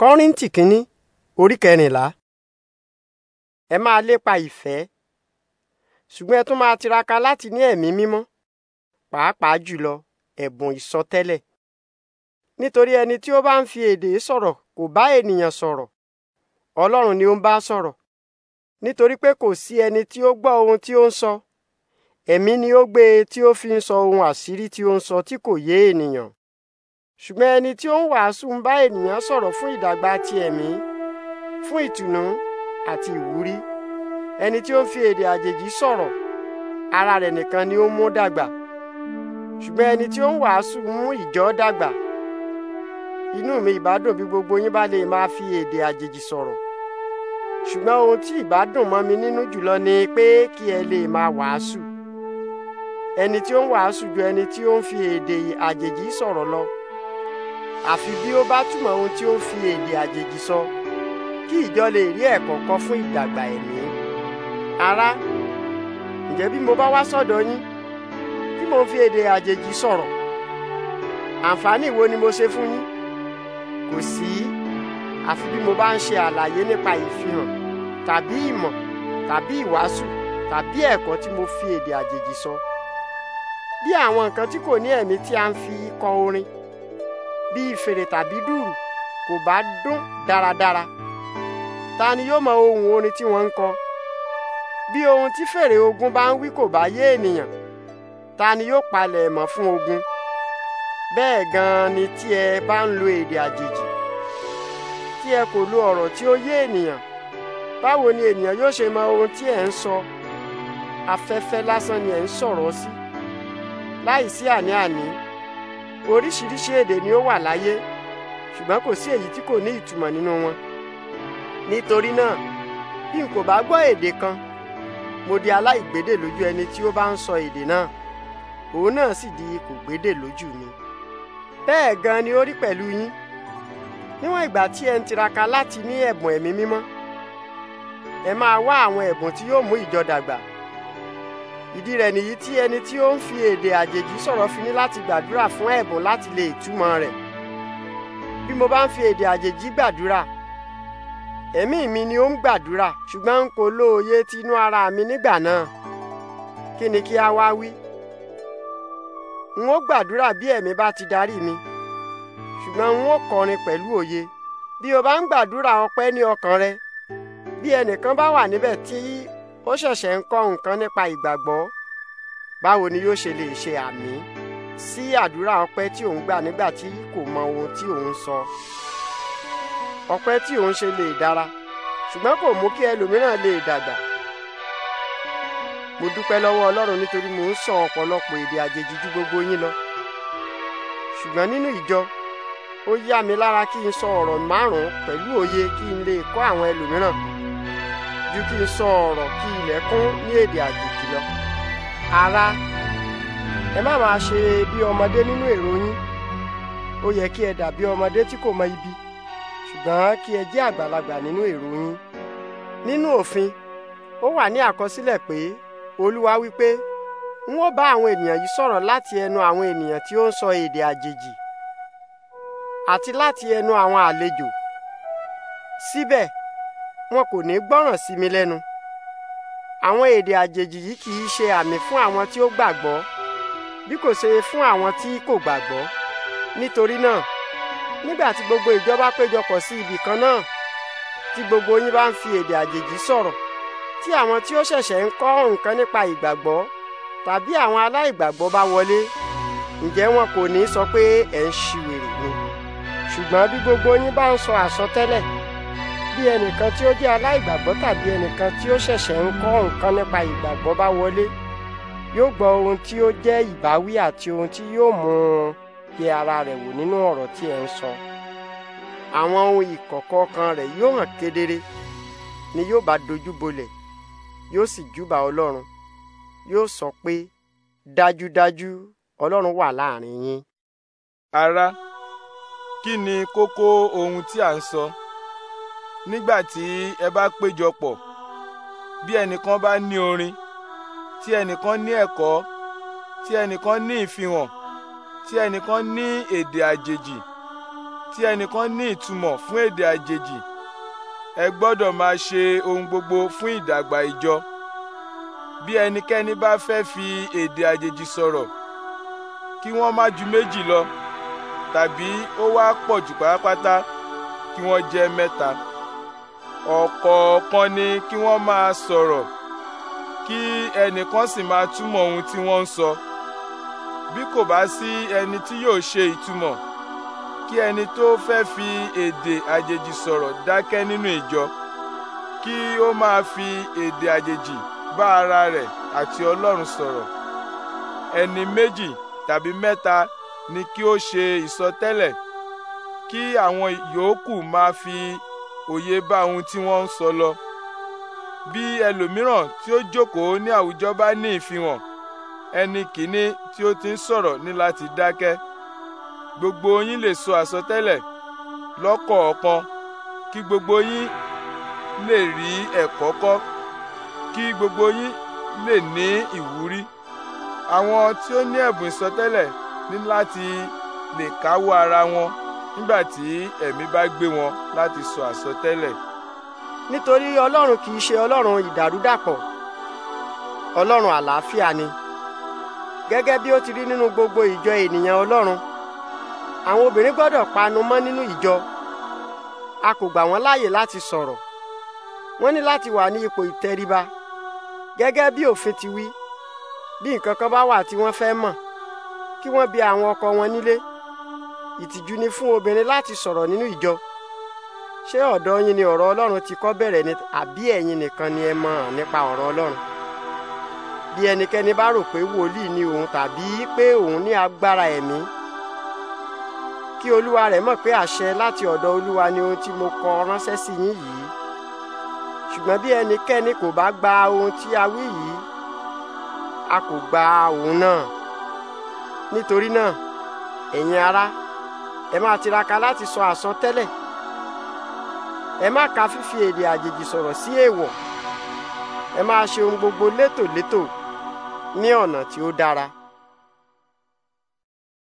kọ́ríntì kínní orí kẹrìnlá ẹ máa lépa ìfẹ́ ṣùgbọ́n ẹ tún máa tiraka láti ní ẹ̀mí mímọ́ pàápàá jùlọ ẹ̀bùn ìsọtẹ́lẹ̀ nítorí ẹni tí ó bá ń fi èdè sọ̀rọ̀ kò bá ènìyàn sọ̀rọ̀ ọlọ́run ni ó ń bá sọ̀rọ̀ nítorí pé kò sí ẹni tí ó gbọ́ ohun tí ó ń sọ ẹ̀mí ni ó gbé e tí ó fi ń sọ ohun àṣírí tí ó ń sọ tí kò yé ènìyàn ṣùgbọ́n ẹni tí ó ń wàásù ń bá ènìyàn sọ̀rọ̀ fún ìdàgbà ti ẹ̀mí fún ìtùnú àti ìwúrí ẹni tí ó ń fi èdè àjèjì sọ̀rọ̀ ara rẹ̀ nìkan ni ó mú dàgbà ṣùgbọ́n ẹni tí ó ń wàásù mú ìjọ dàgbà inú mi ìbádùn bí gbogbo yín bá lè máa fi èdè àjèjì sọ̀rọ̀ ṣùgbọ́n ohun tí ìbádùn mọ́ mi nínú jùlọ ni pé kí ẹ lè máa wàásù ẹni tí ó ń wàásù ju ẹni tí ó ń fi èdè àjèjì sọ̀rọ̀ lọ àfi bí ó bá túmọ̀ ohun tí ó ń fi èdè àjèjì sọ kí ìjọ lè rí ẹ̀kọ́ kọ́ fún ìdàgbà ẹ̀mí. ará ǹjẹ́ bí mo bá wá sọ́dọ̀ yín tí mo fi èdè àjèjì sọ̀rọ̀ àǹfààní wo ni mo ṣe fún yín kò sí àfi bí mo bá ń ṣe àlàyé nípa ìfihàn tàbí ìmọ̀ tàbí ìwàásù tàbí ẹ̀kọ́ tí mo fi èdè àjèjì sọ bí àwọn nǹkan tí kò ní ẹ̀mí tí a ń fi kọ orin bíi fèrè tàbí dùrù kò bá dún dáradára ta ni yóò mọ ohun orin tí wọ́n ń kọ bí ohun tí fèrè ogun bá ń wí kò bá yé ènìyàn ta ni yóò palẹ̀ mọ́ fún ogun bẹ́ẹ̀ gan-an ni tí ẹ bá ń lo èdè àjèjì tí ẹ kò lo ọ̀rọ̀ tí ó yé ènìyàn báwo ni ènìyàn yóò ṣe mọ ohun tí ẹ ń sọ afẹ́fẹ́ lásán ni ẹ ń sọ̀rọ̀ sí láìsí àní-àní oríṣiríṣi èdè ni ó wà láyé ṣùgbọ́n kò sí èyí tí kò ní ìtumọ̀ nínú wọn nítorí náà bí n kò bá gbọ́ èdè kan mo di aláìgbédè lójú ẹni tí ó bá ń sọ èdè náà òun náà sì di kò gbédè lójú mi bẹ́ẹ̀ gan ni ó rí pẹ̀lú yín níwọ̀n ìgbà tí ẹ ń tiraka láti ní ẹ̀bùn ẹ̀mí mímọ́ ẹ máa wá àwọn ẹ̀bùn tí yóò mú ìjọ dàgbà ìdí rẹ̀ nìyí tí ẹni tí ó ń fi èdè àjèjì sọ̀rọ̀ fi ní láti gbàdúrà fún ẹ̀bùn láti lè túmọ̀ rẹ̀ bí mo bá ń fi èdè àjèjì gbàdúrà ẹ̀mí mi ni ó ń gbàdúrà ṣùgbọ́n n kò lóye ti inú ara mi nígbà náà kí ni kí a wá wí n ó gbàdúrà bí ẹ̀mí bá ti darí mi ṣùgbọ́n n ó kọrin pẹ̀lú òye bí o bá ń gbàdúrà ọpẹ́ ní ọkàn rẹ bí ẹnìkan bá wà níbẹ̀ tí ó ṣẹ̀ṣẹ̀ ń kọ́ nǹkan nípa ìgbàgbọ́ báwo ni yóò ṣe lè ṣe àmì sí àdúrà ọpẹ́ tí òun gbà nígbà tí kò mọ ohun tí òun sọ ọpẹ́ tí òun ṣe lè dára ṣùgbọ́n kò mú kí ẹlòmíràn lè dàgbà mo dúpẹ́ lọ́wọ́ Ọlọ́run nítorí mo ń sọ ọ̀pọ̀lọpọ̀ èdè àjèjì ju gbogbo yín lọ ṣùgbọ́n nínú ìjọ ó yá mi lára kí n sọ ọ̀rọ̀ márùn-ún òye kí n lè kọ́ àwọn ẹlòmíràn ju kí n sọ ọ̀rọ̀ kí ilẹ̀ kún ní èdè àjèjì lọ. ará ẹ má máa ṣe bí ọmọdé nínú èrò yín ó yẹ kí ẹ dàbí ọmọdé tí kò mọ ibi ṣùgbọ́n kí ẹ jẹ́ àgbàlagbà nínú èrò yín. nínú òfin ó wà ní àkọsílẹ̀ pé olúwa wípé n ó bá àwọn ènìyàn yìí sọ̀rọ̀ láti ẹnu àwọn ènìyàn tí ó ń sọ èdè àjèjì àti láti ẹnu àwọn àlejò síbẹ̀ wọn kò ní gbọ́ràn sí mi lẹ́nu àwọn èdè àjèjì yìí kì í ṣe àmì fún àwọn tí ó gbàgbọ́ bí kò ṣe fún àwọn tí kò gbàgbọ́ nítorí náà nígbà tí gbogbo ìjọba péjọpọ̀ sí ibì kan náà tí gbogbo yín bá ń fi èdè àjèjì sọ̀rọ̀ tí àwọn tí ó ṣẹ̀ṣẹ̀ ń kọ́ nǹkan nípa ìgbàgbọ́ tàbí àwọn aláìgbàgbọ́ bá wọlé ǹjẹ́ wọn kò ní sọ pé ẹ̀ ń ṣiwèrè ni ṣùgbọ́n bí gbogbo yín bá ń sọ àsọtẹ́lẹ̀ bí ẹnìkan tí ó jẹ́ aláìgbàgbọ́ tàbí ẹnìkan tí ó ṣẹ̀ṣẹ̀ ń kọ́ nǹkan nípa ìgbàgbọ́ bá wọlé yóò gbọ́ ohun tí ó jẹ́ ìbáwí àti ohun tí yóò mú un yẹ ara rẹ̀ wò nínú ọ̀rọ̀ tí ẹ ń sọ àwọn ohun ìkọ̀kọ̀ kan rẹ̀ yóò hàn kedere ni yóò bá dojú bolẹ̀ yóò sì júbà ọlọ́run yóò sọ pé dájúdájú ọlọ́run wà láàrin yín. ará kí ni kókó ohun tí à ń sọ. So? nígbà tí ẹ bá péjọpọ̀ bí ẹnìkan bá ní orin tí ẹnìkan ní ẹ̀kọ́ tí ẹnìkan ní ìfihàn tí ẹnìkan ní èdè àjèjì tí ẹnìkan ní ìtumọ̀ fún èdè àjèjì ẹ gbọ́dọ̀ máa ṣe ohun gbogbo fún ìdàgbà ìjọ bí ẹnikẹ́ni bá fẹ́ fi èdè àjèjì sọ̀rọ̀ kí wọ́n má ju méjì lọ tàbí ó wá pọ̀ jù pátápátá kí wọ́n jẹ́ mẹ́ta ọ̀kọ̀ọ̀kan ni kí wọ́n máa sọ̀rọ̀ kí ẹnìkan sì máa túmọ̀ ohun tí wọ́n ń sọ bí kò bá sí ẹni tí yóò ṣe ìtumọ̀ kí ẹni tó fẹ́ fi èdè àjèjì sọ̀rọ̀ dákẹ́ nínú ìjọ kí ó máa fi èdè àjèjì bá ara rẹ̀ àti Ọlọ́run sọ̀rọ̀ ẹni méjì tàbí mẹ́ta ni kí ó ṣe ìsọtẹ́lẹ̀ kí àwọn yòókù máa fi òye bá ohun tí wọ́n ń sọ lọ bí ẹlòmíràn tí ó jókòó ní àwùjọ bá ní ìfihàn ẹni kìíní tí ó ti ń sọ̀rọ̀ ní láti dákẹ́ gbogbo yín lè sọ àsọtẹ́lẹ̀ lọ́kọ̀ọ̀kan kí gbogbo yín lè rí ẹ̀kọ́ kọ́ kí gbogbo yín lè ní ìwúrí àwọn tí ó ní ẹ̀bùn ìsọtẹ́lẹ̀ ní láti lè káwọ́ ara wọn nígbà tí ẹ̀mí bá gbé wọn láti sọ àsọtẹ́lẹ̀. nítorí ọlọ́run kì í ṣe ọlọ́run ìdàrúdàpọ̀ ọlọ́run àlàáfíà ni gẹ́gẹ́ bí ó ti rí nínú gbogbo ìjọ ènìyàn ọlọ́run àwọn obìnrin gbọ́dọ̀ panu mọ́ nínú ìjọ a kò gbà wọ́n láàyè láti sọ̀rọ̀ wọ́n ní láti wà ní ipò ìtẹríba gẹ́gẹ́ bí òfin ti wí bí nǹkan kan bá wà tí wọ́n fẹ́ mọ̀ kí wọ́n bi àwọn ọkọ wọn nílé ìtìjú ni fún obìnrin láti sọ̀rọ̀ nínú ìjọ ṣé ọ̀dọ̀ yín ni ọ̀rọ̀ Ọlọ́run ti kọ́ bẹ̀rẹ̀ ni àbí ẹ̀yin nìkan ni ẹ mọ̀ nípa ọ̀rọ̀ Ọlọ́run bí ẹnikẹ́ni bá rò pé wòlíì ni òun tàbí pé òun ní agbára ẹ̀mí kí olúwa rẹ̀ mọ̀ pé àṣẹ láti ọ̀dọ̀ olúwa ni ohun tí mo kọ ránṣẹ́ sí yín yìí ṣùgbọ́n bí ẹnikẹ́ni kò bá gba ohun tí a wí yìí a kò gba òun náà nítorí náà ẹ̀yin ará ẹ máa tiraka láti sọ àsọtẹ́lẹ̀ ẹ má ka fífi èdè àjèjì sọ̀rọ̀ sí èèwọ̀ ẹ máa ṣe ohun gbogbo létòlétò ní ọ̀nà tí ó dára